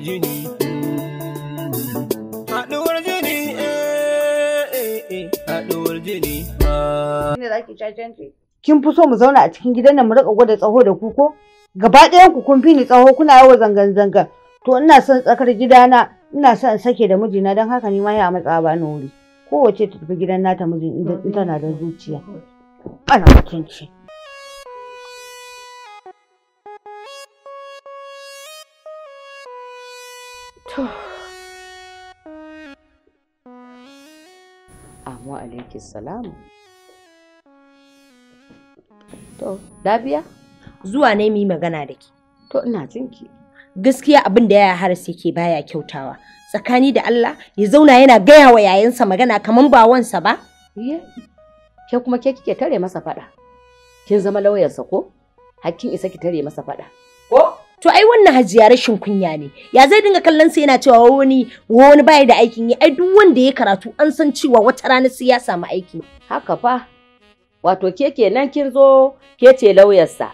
jini. jini, eh, eh, eh, haduwar jini. Kin fi so mu zauna a cikin gidan nan mu rika gwada tsaho da ku ko? Gaba ɗayan ku kun fi ni tsaho kuna yawo zangan-zangan. To ina son tsakar gidana, ina son in sake da mijina don haka ni ma ya matsa ba ni wuri. Kowace ta tafi gidan nata mijin in tana da zuciya. Ana mutunci. to amma salamu to zuwa ne mu yi magana da ke? to ina jinki gaskiya abin da yaya haris ke baya kyautawa tsakani da Allah ya zauna yana gaya wa yayansa magana kamar ba wansa ba ke kuma ke kike tare masa faɗa kin zama lauyarsa ko hakkin isa ki tare masa faɗa to ai wannan hajiya rashin kunya ne ya zai dinga kallon sa yana cewa wani wani baya da aikin yi ai duk wanda ya karatu an san cewa wata rana sai ya samu aiki haka fa wato ke kenan kin zo ke ce lauyarsa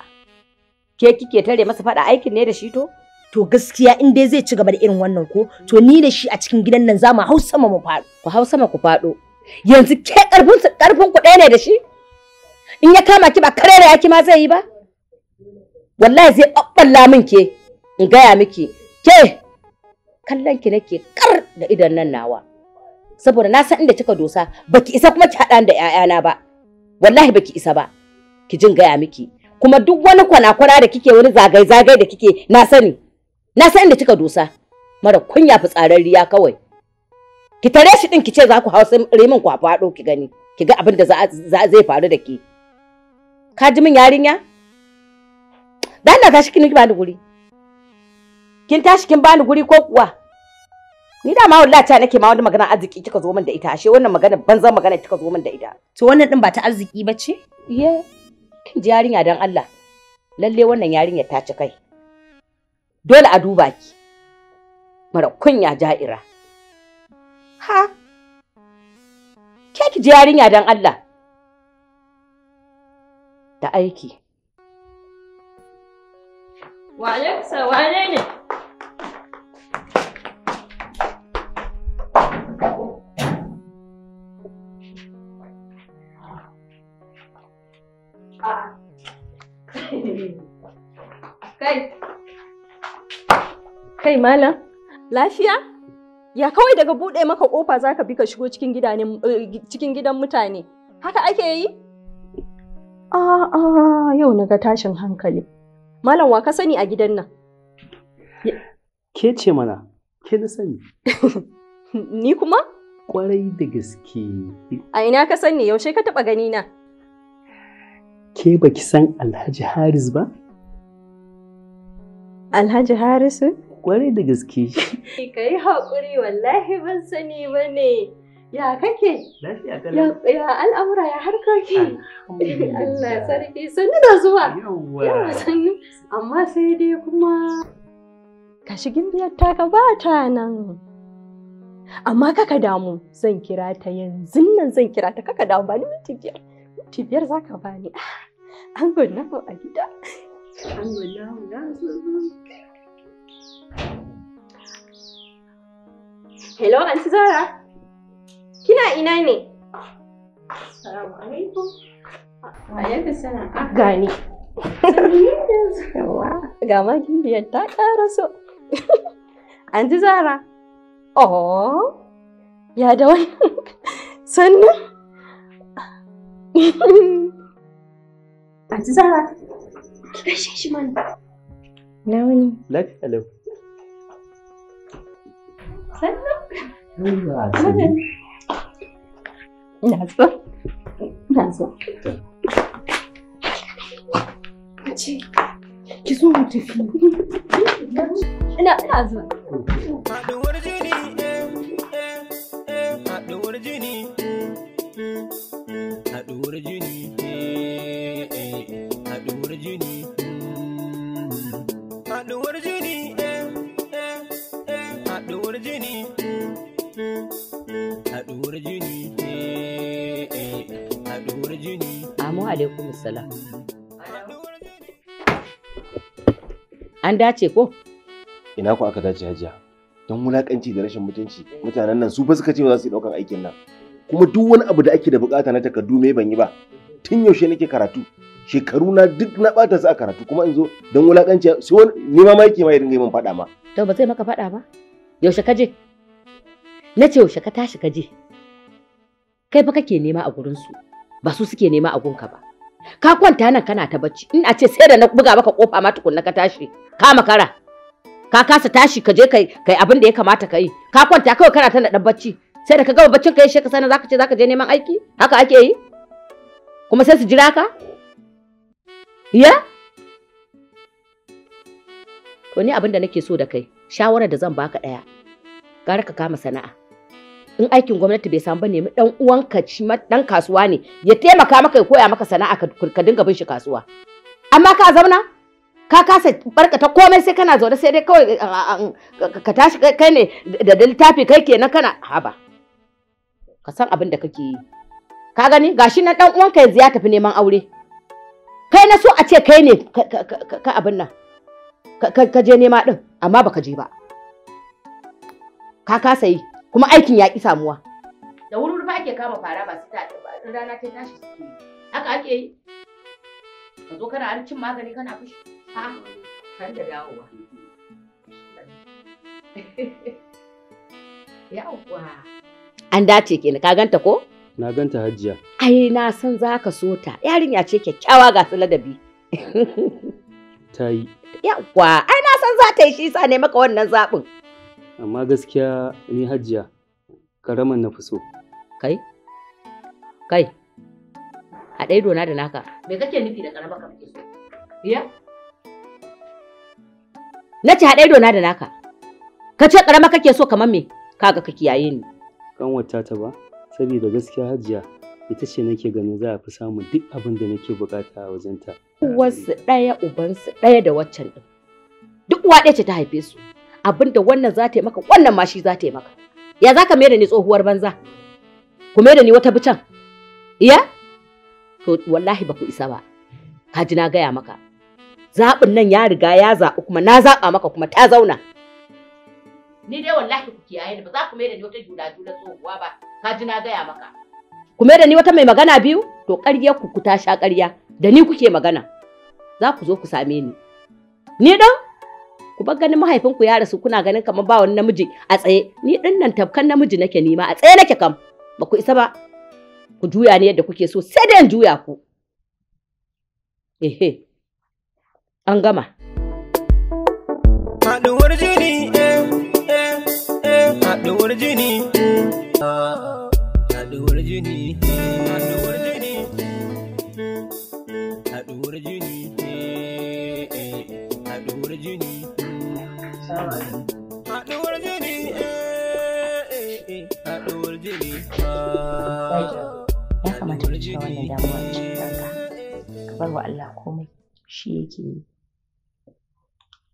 ke kike tare masa faɗa aikin ne da shi to to gaskiya in dai zai ci gaba da irin wannan ko to ni da shi a cikin gidan nan zamu hau sama mu faɗo ku hau sama ku faɗo yanzu ke karfin karfin ku ɗaya ne da shi in ya kama ki ba kare ya yaki ma zai yi ba wallahi sai ɓaɓɓalla min ke in gaya miki ke kallon ki nake kar da idan nan nawa saboda na san inda kika dosa baki isa kuma ki haɗa da ƴaƴana ba wallahi baki isa ba ki jin gaya miki kuma duk wani kwana-kwana da kike wani zagai-zagai da kike na sani na san inda kika dosa mara kunya fitsararriya kawai ki tare shi din ki ce za ku hausa rimin ku faɗo ki gani ki ga abin da zai faru da ke ka ji min yarinya da Allah tashi kin bani guri kin tashi kin bani guri ko kuwa ni da ma wallahi ta nake ma wani magana arziki kika zo min da ita ashe wannan magana banza magana kika zo min da ita to wannan din ba ta arziki ba ce ye kin ji yarinya dan Allah lalle wannan yarinya ta ci kai dole a duba ki mara kunya ja'ira ha ke ki ji yarinya dan Allah da aiki Wayensa wale ne? Ah. Kai malam, lafiya? Ya kawai daga buɗe maka ƙofa za ka bi ka shigo cikin eh, gidan mutane. Haka ake yi? A'a, yau na ga tashin hankali. Malam wa ka sani a gidan nan? Ke ce mana, ke na sani. Ni kuma? Kwarai da gaske. A ina ka sani yaushe ka taɓa gani na? Ke baki san Alhaji Haris ba? Alhaji Harisu? Kwarai da gaske. Ka yi haƙuri wallahi ban sani ba ne. Ya kake? Lafiya Ya al'amura ya harkoki. Allah sarki sannu da zuwa. Yawwa. sannu. Amma sai dai kuma ka shigin biyar ta gabata nan. Amma kaka damu zan kira ta yanzu nan zan kira ta kaka damu ba ni minti biyar. Minti biyar za ka bani. Ah, An ko a gida. An gwanna na Hello, Auntie Zara. Kina ina ne? Assalamu alaikum. Alaikum salam. Ah, gani. Ga ma gindiyar ta ƙara so. An ji Zara. Oh, ya da wani. sannu. An ji Zara. Ki gaishe shi mana. Na wani. Lafiya lau. Sannu. sannu. Ina alaikum salam. An dace ko? Ina ku aka dace hajiya. Don wulakanci da rashin mutunci mutanen nan su fa suka ce ba za su yi daukan aikin nan. Kuma duk wani abu da ake da bukata na takardu me ban yi ba. Tun yaushe nake karatu. Shekaru na duk na bata su a karatu kuma in zo don wulakanci sai wani ni ma yake ma ya dinga yi min fada ma. To ba zai maka fada ba? Yaushe ka je? Na ce yaushe ka tashi ka je? Kai fa kake nema a gurin su. ba su suke nema a gunka ba ka kwanta nan kana ta bacci in a ce sai da na buga maka kofa ma tukunna ka tashi ka makara ka kasa tashi ka je kai kai abin da ya kamata ka yi ka kwanta kawai kana ta dan bacci sai da ka gaba baccin ka yi shekasa sana zaka ce zaka je neman aiki haka ake yi kuma sai su jira ka ya to ni abin da nake so da kai shawarar da zan baka ɗaya gara ka kama sana'a in aikin gwamnati bai samu ba nemi dan uwanka ci dan kasuwa ne ya taimaka maka ya koya maka sana'a ka dinga bin shi kasuwa amma ka zauna ka kasa barkata komai sai kana zaune sai dai kawai ka tashi kai ne da littafi kai kenan kana haba ka san abin da kake yi ka gani gashi na dan uwanka yanzu ya tafi neman aure kai na so a ce kai ne ka abin nan ka je nema din amma baka je ba ka kasa yi kuma aikin ya ƙi samuwa. Da wuri ba ake kama fara ba su ta in rana ta tashi suke Haka ake yi. Ka zo kana an cin magani kana fushi. Ha, kan da dawowa. Yawwa. An dace kenan ka ganta ko? Na ganta hajiya. Ai na san za ka so ta. Yarinya ce kyakkyawa ga su ladabi. ta yi. Yawwa, ai na san za ta yi shi sa ne maka wannan zaɓin. amma gaskiya ni hajiya karaman na fi so kai kai a ɗaya dona da naka me kake nufi da karama fi so ya na ce a ɗaya dona da naka ka ce karama kake so kamar me kaga ka kiyaye ni kan wata ta ba saboda gaskiya hajiya ita ce nake ganin za a fi samun duk abin da nake bukata a wajenta. Uwarsu ɗaya ubansu ɗaya da waccan ɗin. Duk uwa ɗaya ce ta haife su. abinda wannan za ta yi maka wannan ma shi za ta yi maka ya za ka mai da ni tsohuwar banza ku mai da ni wata bican iya to wallahi ba ku isa ba ka ji na gaya maka zaɓin nan ya riga ya zaɓi kuma na zaɓa maka kuma ta zauna ni dai wallahi ku kiyaye ni ba za ku mai da ni wata jula jula tsohuwa ba ka ji na gaya maka ku mai da ni wata mai magana biyu to ƙarya ku ku ta sha ƙarya da ni kuke magana za ku zo ku same ni ni dan ku bar ganin mahaifinku ya rasu kuna ganin kamar ba wani namiji a tsaye ni din nan tafkan namiji nake nima a tsaye nake kam ba ku isa ba ku juya ni yadda kuke so sai dai juya ku ehe an gama haɗuwar jini eh, eh, eh, haɗuwar jini ah, haɗuwar jini Eh, eh, eh. Ah. Ya kamata cika wannan a cikin Ka bar wa Allah komai shi yake yi.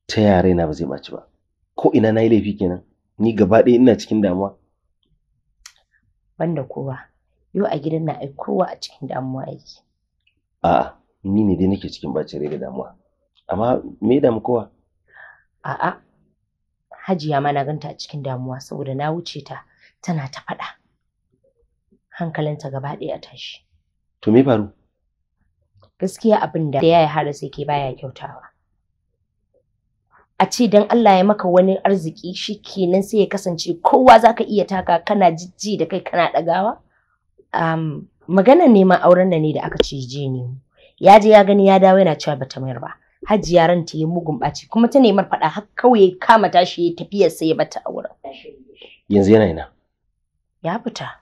Ta yare na ba zai ɓaci ba. Ko ina na yi laifi kenan. Ni gaba ɗaya ina cikin damuwa. Banda kowa. Yau a gidan na ai kowa a cikin damuwa yake. A'a, ni ne dai nake cikin bacin rai da damuwa. Amma me damu kowa? A'a, Hajiya ma na ganta a cikin damuwa saboda na wuce ta tana ta faɗa. Hankalinta gaba ɗaya a tashi. To me faru? Gaskiya abin da ya hada sai ke baya kyautawa. A ce don Allah ya maka wani arziki shi kenan sai ya kasance kowa za ka iya taka kana jijji da kai kana ɗagawa? Um, ne neman auren da ne da aka ce je ne. Ya je ya gani ya dawo yana cewa bata mayar ba. hajiya ran ta yi mugun ɓaci kuma ta nemar faɗa har kawai ya kama tashi ya tafiyar sai ya bata a wurin. Yanzu yana ina? Ya fita.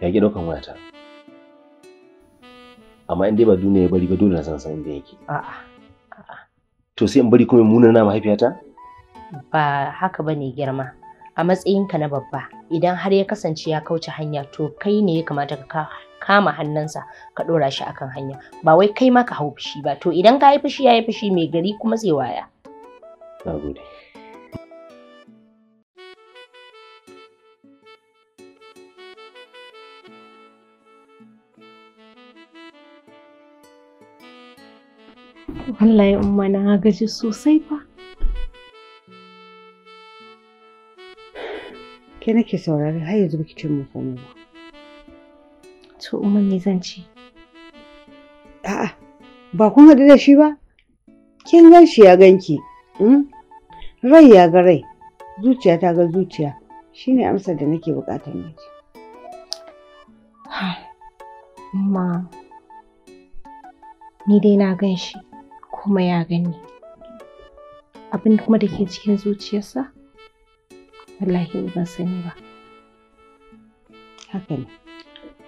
Ya ki ɗaukan wayata. amma in dai ba duniya ya bari ba dole na san san inda yake a'a to sai in bari kuma muna na mahaifiyata ba haka bane girma a matsayinka na babba idan har ya kasance ya kauce hanya to kai ne ya kamata ka kama hannunsa ka ɗora shi akan hanya ba wai kai ma ka hau fushi ba to idan ka yi fushi ya yi fushi mai gari kuma zai waya. nagode Wallahi umma na gaji sosai fa. Ke nake saurari har yanzu baki ce mu komai ba. To umma me zan ce? A'a ba kun haɗu da shi ba? Kin gan shi ya ganki. Hmm? Rai ya ga rai, zuciya ta ga zuciya. Shine amsar da nake bukatar miki. ma ni dai na gan shi. kuma ya gani abin kuma da ke cikin zuciyarsa wallahi ban sani ba haka ne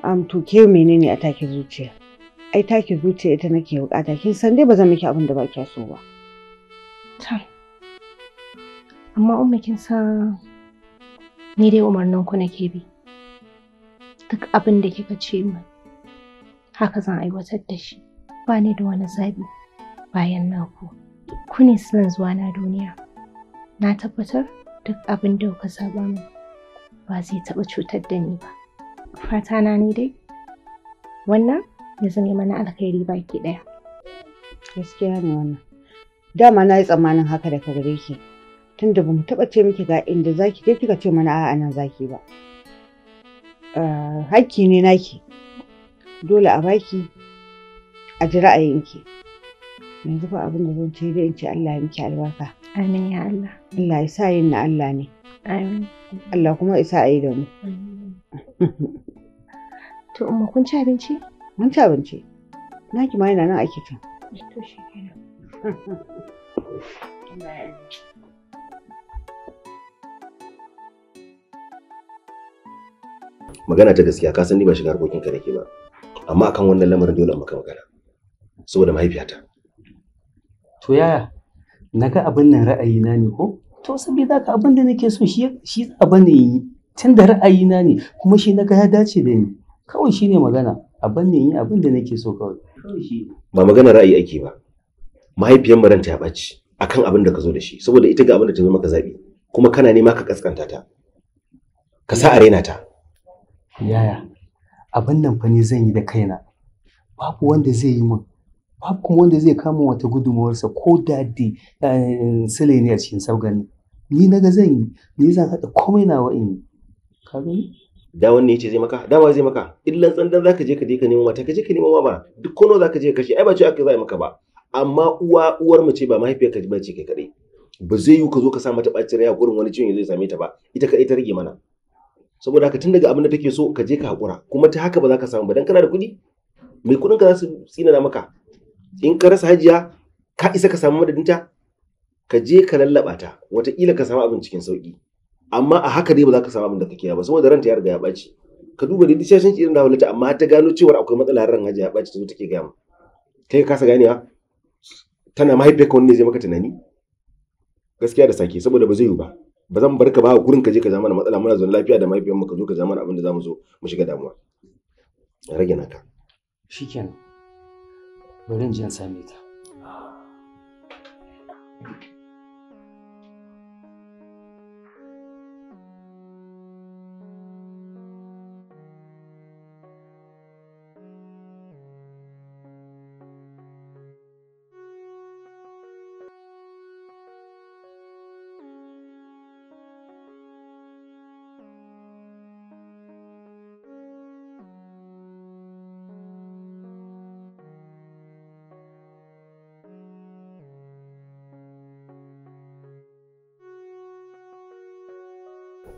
am to ke menene a take zuciya ai take zuciya ita nake bukata kin san dai ba zan miki abin da ba kya so ba amma umma kin san ni dai umarnin ku nake bi duk abin da kika ce min haka zan aiwatar da shi ba ni da wani zabi bayan naku, ku. ne zuwa na duniya. Na tabbatar duk abin da kuka saba min ba zai taba cutar da ni ba. Fata na ni dai. Wannan ya zama mana alkhairi baki ɗaya. Gaskiya ne wannan. Dama na yi tsammanin haka da gare ki. Tunda ba mu taɓa ce miki ga inda zaki je kika ce mana a'a nan zaki ba. Ah, hakki ne naki. Dole a baki a ji ra'ayinki. yanzu fa abin da zan ce dai in ce Allah ya miki albarka amin ya Allah Allah ya sa yin na Allah ne amin Allah kuma ya sa a yi da mu to umma kun ci abinci mun ci abinci na ki ma yana nan a kicin to shi magana ta gaskiya ka san ni ba shiga harkokin ka nake ba amma akan wannan lamarin dole maka magana saboda mahaifiyata to yaya na ga abin nan ra'ayina ne ko to saboda haka abin da nake so shi abin ne yi tun da ra'ayina ne kuma shi na ga ya dace da ni kawai shi ne magana abin ne yi abin da nake so kawai ba magana ra'ayi ake ba mahaifiyar maranta ya ɓaci akan abin da ka zo da shi saboda ita ga abin da ta zo maka zaɓi kuma kana nema ka kaskanta ta ka sa a raina ta yaya abin nan fa ne zan yi da kaina babu wanda zai yi min babu kuma wanda zai kama wata gudunmawarsa ko da di eh, sile ne a cikin saugan ni na ga zan yi ni zan haɗa komai na in yi ka gani da wanne yace zai maka dama zai maka illan tsandan zaka je ka je ka nemo mata ka je ka nemo ba duk kono zaka je ka kashe ai ba ce aka zai maka ba amma uwa uwar ce ba mahaifiyarka ba ce kai kadai ba zai yiwu ka zo ka sa mata bacin rai a gurin wani ciwon zai same ta ba ita kadai ta rage mana saboda haka tun daga abin da take so ka je ka hakura kuma ta haka ba za ka samu ba dan kana da kuɗi mai kuɗin ka za su tsinana maka in ka rasa hajiya ka isa ka samu madadinta ka je ka lallaba ta wataƙila ka samu abin cikin sauƙi amma a haka dai ba za ka samu abin da kake ba saboda ranta ya riga ya ɓaci ka duba da dishashin irin da halitta amma ta gano cewar akwai matsalar ran hajiya ya ɓaci ta zo take gaya mu kai ka kasa ganewa tana mahaifiyar ka wani ne zai maka tunani gaskiya da sake saboda ba zai yiwu ba ba zan bar ka ba gurin ka je ka zama matsala muna zaune lafiya da mahaifiyar mu ka zo ka zama abin da zamu zo mu shiga damuwa rage naka shikenan bari in je in same ta ah.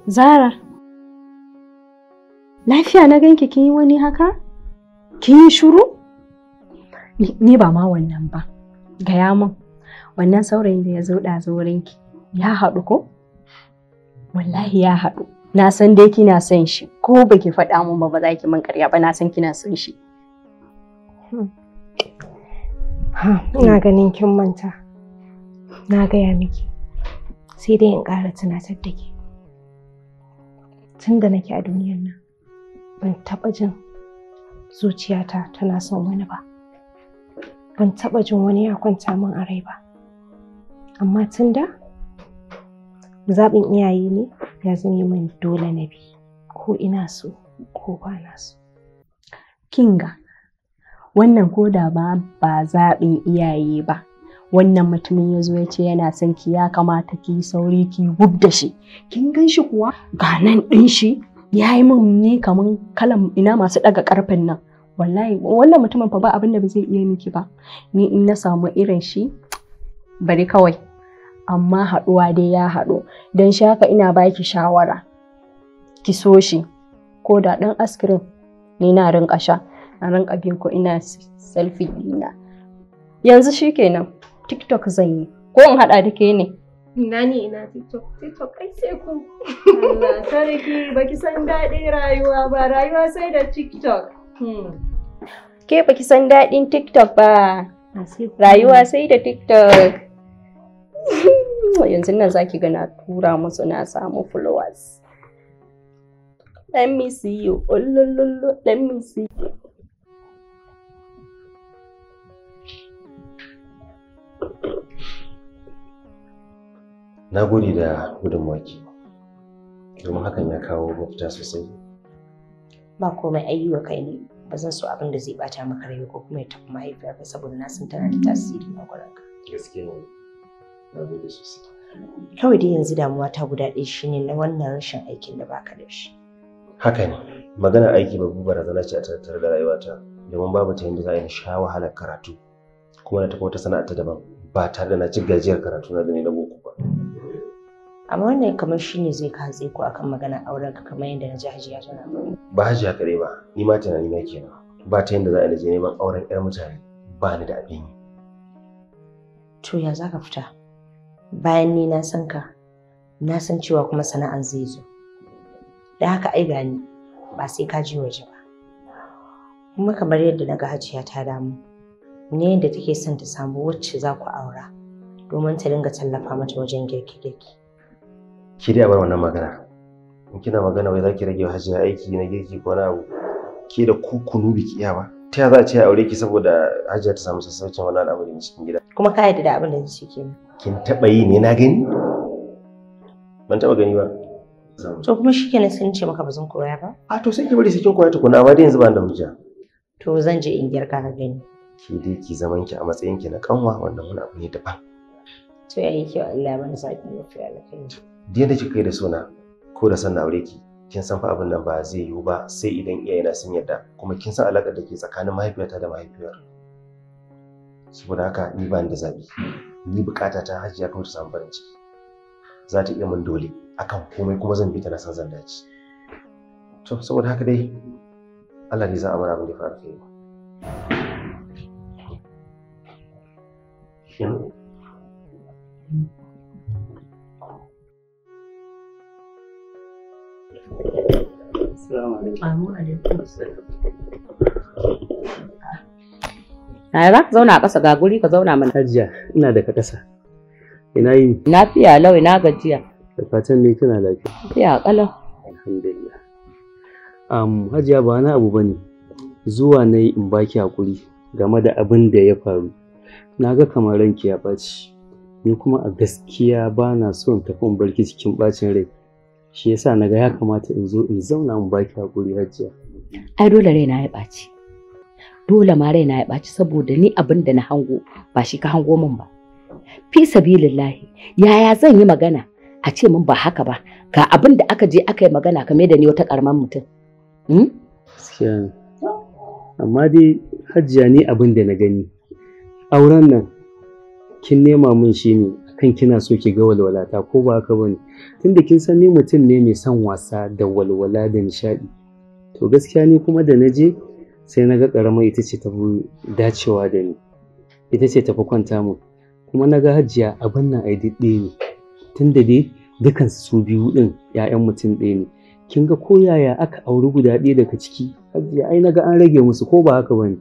Zara, lafiya na ganki kin yi wani haka? Kin yi shuru? Ni ba ma wannan ba, gaya min. Wannan saurayin da ya zo ɗazorinki, ya haɗu ko? Wallahi ya haɗu. Na san dai kina son shi, ko baki faɗa mun ba ba za ki min ƙarya ba, na san kina son shi. Hmm. Ina ganin kin manta. Na gaya miki. Sai dai in ƙara tunatar da ke. tun da nake a duniyar nan ban taɓa jin zuciyata tana son wani ba ban taɓa jin wani ya kwanta min a rai ba amma tun da zaɓin iyaye ne ya yi min dole na bi ko ina so ko ba na so kinga wannan koda ba ba zaɓin iyaye ba wannan mutumin ya zo ya ce yana son ki ya kamata ki sauri ki gub da shi kin gan shi kuwa ga nan ɗin shi ya yi min ne kaman kalan ina masu ɗaga ƙarfin nan wallahi wannan mutumin fa ba abin da ba zai iya miki ba ni in na samu irin shi bari kawai amma haɗuwa dai ya haɗu don shi haka ina baki shawara ki so shi ko da ɗan askirin ni na rinƙa sha na rinƙa bin ko ina selfie ɗina yanzu shikenan TikTok zan yi. Ko in haɗa da ke ne? Ina ne ina TikTok. TikTok ai sai ku. Allah sarki baki san daɗin rayuwa ba rayuwa sai da TikTok. Hmm. Ke baki san daɗin TikTok ba. Rayuwa sai da TikTok. Yanzu nan zaki ga na tura musu na samu followers. Let me see you. Oh, lo, lo, lo. Let me see you. na gode da gudunmaki, domin hakan ya kawo mafita sosai ba komai ayyuka kai ne ba zan so abin da zai bata maka rai ko kuma ya tafi ba saboda na san tana da tasiri a ka gaskiya ne na gode sosai kawai dai yanzu damuwa ta guda ɗaya shine na wannan rashin aikin da baka da shi haka ne magana aiki babu barazana ce a tattare da rayuwata domin babu ta yanda za a sha wahalar karatu kuma na tafi wata sana'a ta daban ba tare da na ci gajiyar karatu na da ne na amma wannan kamar shi ne zai katse ku akan maganar auren ka kamar yadda na ji hajiya tana ba hajiya kare ba ni ma tunani na kenan ba ta yadda za a je neman auren 'yar mutane ba ni da abin yi. to ya za ka fita bayan ni na san ka na san cewa kuma sana'an zai zo da haka ai gani ba sai ka ji waje ba kuma kamar yadda na ga hajiya ta damu ne yadda take son ta samu wacce za ku aura domin ta dinga tallafa mata wajen girke-girke ki dai bar wannan magana in kina magana wai zaki rage hajiya aiki na girki ko na abu ke da ku kunu biki iya ba ta ya za a ce a aure ki saboda hajiya ta samu sassaucin abu al'amari cikin gida kuma ka yadda da abin da shi kenan kin taba yi ne na gani ban taba gani ba to kuma shi kenan sun ce maka bazan koya ba a to sai ki bari sai kin koya tukuna amma dai yanzu ba da mija to zan je in girka ka gani ki dai ki zaman ki a matsayin ki na kanwa wannan wani abu ne daban to yayi kyau Allah ya bani saki mafi alkhairi da kika yi da suna ko da san na aure ki kin san fa abin nan ba zai yiwu ba sai idan iyayena sun yarda kuma kin san alaƙar da ke tsakanin mahaifiyata da mahaifiyar saboda haka ni ba ni da zaɓi ni bukata ta hajiya ko ta samu farin ciki za ta iya mun dole akan komai kuma zan bi ta na san zan dace to saboda haka dai Allah ne za a bar abin da ya fara kai Na za ka zauna a ƙasa ga guri ka zauna mana. Hajiya ina daga ƙasa. Ina yi. Lafiya lau ina gajiya. Da fatan ne kina lafiya. Lafiya ƙalau. Alhamdulillah. Um, Hajiya ba na abu bane. Zuwa na yi in baki haƙuri, game da abin da ya faru. Na ga kamar ranki ya ɓaci. Ni kuma a gaskiya ba na so in tafi in barki cikin ɓacin rai. shi yasa na ga ya kamata in zo in zauna mu baki hakuri hajiya ai dole raina ya ɓaci dole ma raina ya ɓaci saboda ni abin na hango ba shi ka hango min ba fi sabilillahi yaya zan yi magana a ce min ba haka ba ga abin aka je aka yi magana kame da ni wata karamar mutum hmm? amma dai hajiya ni abin na gani auren nan kin nema min shi ne kan kina so ki ga walwala ta, ko ba haka bane tunda kin san ni mutum ne mai son wasa da walwala da nishaɗi to gaskiya ni kuma da na je sai na ga ƙarama ita ce ta dacewa da ni ita ce tafi kwanta mu kuma na ga hajiya abin nan ai ɗaya ne tunda dai dukan su biyu ɗin 'ya'yan mutum ɗaya ne kin ga ko yaya aka auri guda ɗaya daga ciki hajiya ai naga an rage musu ko ba haka bane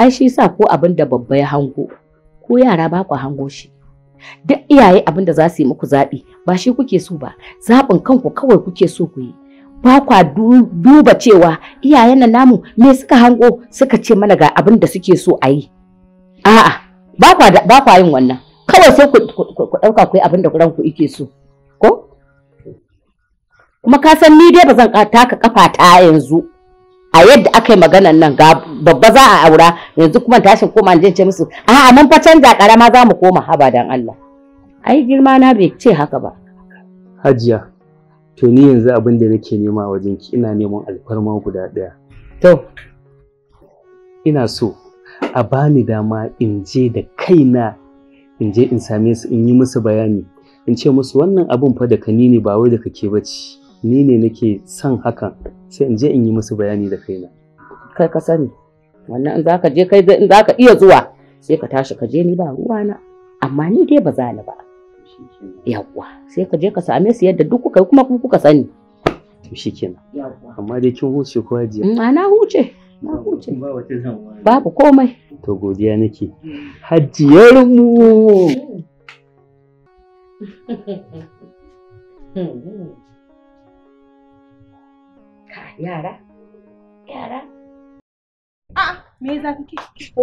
ai shi sa ko abin da babba ya hango ko yara ba ku hango shi duk iyaye abinda da za su yi muku zaɓi ba shi kuke so ba zaɓin kanku kawai kuke so ku yi ba kwa duba cewa iyayen nan namu me suka hango suka ce mana ga abin da suke so a yi a'a ba kwa yin wannan kawai sai ku ɗauka ku yi abin da ranku yake so ko kuma ka san ni dai ba zan taka kafa ta yanzu a yadda aka yi maganan nan ga babba za a aura yanzu kuma tashin koma in ce musu a'a mun fa canza karama za mu koma haba dan Allah ai girma na bai ce haka ba hajiya to ni yanzu abin da nake nema a wajenki ina neman alfarma guda ɗaya to ina so a bani dama in je da kaina in je in same su in yi musu bayani in ce musu wannan abin fa da ka ni ne ba wai da kake bace ni ne nake son hakan sai in je in yi musu bayani da kaina kai ka sani wannan in zaka je kai in zaka iya zuwa sai ka tashi ka je ni ba ruwa na amma ni dai ba za ni ba yawwa sai ka je ka same su yadda duk kuka kuma kuka sani to shikenan amma dai kin huce ko hajiya mm, na huce na huce babu komai to godiya nake hajiyar mu yara yara a me za ki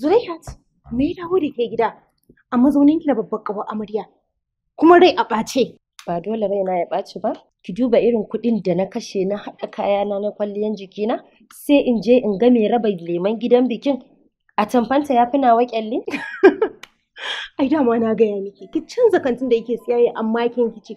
Zulaihat me ya dawo da ke gida a mazaunin ki da babbar kaba amarya kuma rai a ɓace ba dole raina ya ɓace ba ki duba irin kuɗin da na kashe na haɗa kayana na kwalliyan jikina sai in je in ga mai raba leman gidan bikin a tamfanta ya fi nawa kyalli ai dama na gaya miki ki canza kantin da yake siya amma kin kici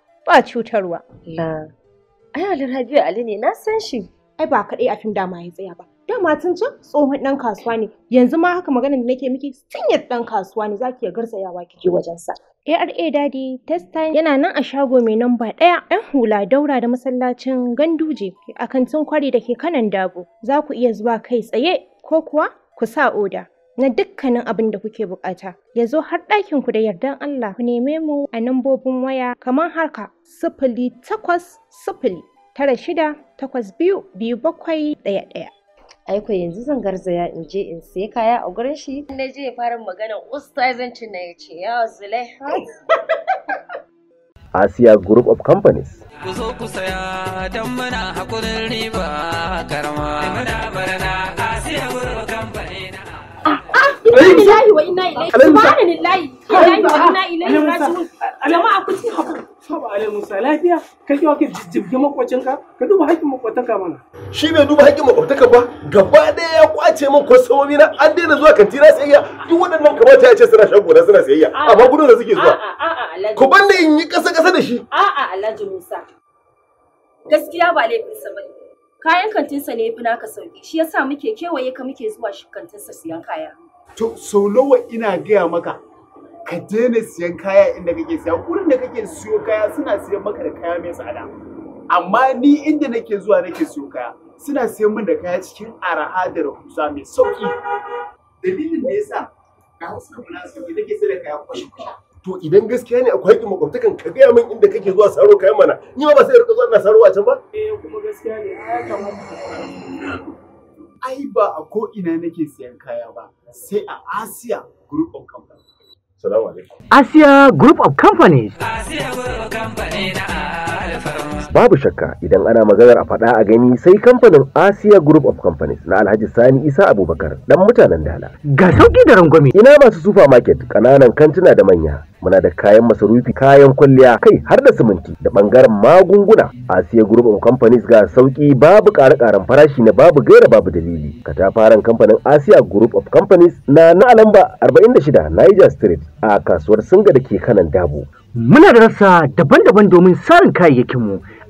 ba cutarwa. La, ai Alhaji Ali ne na san shi. Ai ba kaɗai a fim dama ya tsaya ba. Dama tun can tsohon ɗan kasuwa ne. Yanzu ma haka magana da nake miki yadda ɗan kasuwa ne zaki ya garzayawa kike wajen sa. ARA Daddy test time yana nan a shago mai namba ɗaya ‘yan hula daura da masallacin ganduje a kantin kwari da ke kanan dabo. Za ku iya zuwa kai tsaye ko kuwa ku sa oda. na dukkanin abin da kuke bukata. Ya zo har ɗakin ku da yardan Allah ku neme mu a nambobin waya kamar harka sifili takwas sifili tara shida takwas biyu biyu bakwai ɗaya ɗaya. aiko yanzu zan garzaya in je in sai kaya a gurin shi na je fara magana ustazancin na ya ce ya zulai Asia Group of Companies. Ku zo ku saya don muna haƙurin lillahi wa inna ilaihi subhanallahi lillahi wa inna ilaihi raji'un jama'a ku ci hakuri saba alai musa lafiya kai kiwa ke jijjibge makwacinka ka duba haƙƙin makwataka mana shi bai duba haƙƙin makwataka ba gaba ɗaya ya kwace min kwastomomi na an daina zuwa kantina sayayya duk waɗannan kamata ya ce suna shan gona suna sayayya amma gudun da suke zuwa ku ban da in yi ƙasa ƙasa da shi a'a alhaji musa gaskiya ba laifinsa ba kayan kantinsa ne ya fi naka sauki shi yasa muke kewaye ka muke zuwa kantinsa siyan kaya to sau nawa ina gaya maka ka daina siyan kaya inda kake siya wurin da kake siyo kaya suna siyan maka da kaya mai tsada amma ni inda nake zuwa nake siyo kaya suna siyan min da kaya cikin araha da rahusa mai sauki dalilin da yasa ka hausa muna sauki nake sayar da kaya kwashe to idan gaskiya ne akwai haƙƙin makwabtakan ka gaya min inda kake zuwa saro kayan mana ni ma ba sai rika zuwa ina saro a can ba eh kuma gaskiya ne ya kamata ai ba a ko ina nake siyan kaya ba sai a Asia Group of Companies. Salamu alaikum. Asia Group of Companies. Asia Group of Companies na alfarma. babu shakka idan ana maganar a faɗa a gani sai kamfanin asia group of companies na alhaji sani isa abubakar dan mutanen dala ga sauki da rangwame ina masu market kananan kantuna da manya muna da kayan masarufi kayan kwalliya kai har da siminti da bangaren magunguna asia group of companies ga sauki babu ƙare farashi na babu gaira babu dalili katafaren kamfanin asia group of companies na na alamba 46 niger street a kasuwar singa da ke kanan dabo muna da rasa daban-daban domin sarin kayayyakinmu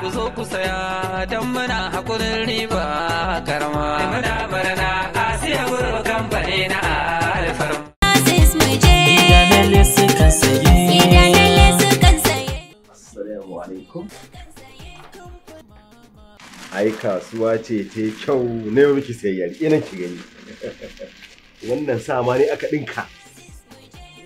ku zo ku saya don muna hakurin riba karama. Muna barna a siya gurbin kamfani na alfarma. Assalamu alaikum. Ai kasuwa ce ta kyau ne yau muke sayayyar ina ki gani. Wannan sa ma ne aka dinka.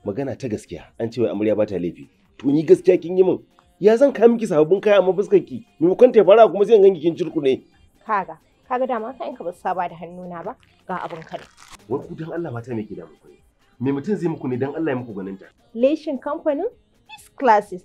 Magana ta gaskiya an ce wai amarya ba ta laifi. To ni gaskiya kin yi min. ya zan kai miki sababbin kaya amma fuskar ki maimakon ta fara kuma sai ganki kin cirkune kaga kaga dama kan ka ba saba da hannuna ba ga abin kan wai ku dan Allah mata me ke da muku ne me mutum zai muku ne dan Allah ya muku ganin ta leshin kamfanin class classes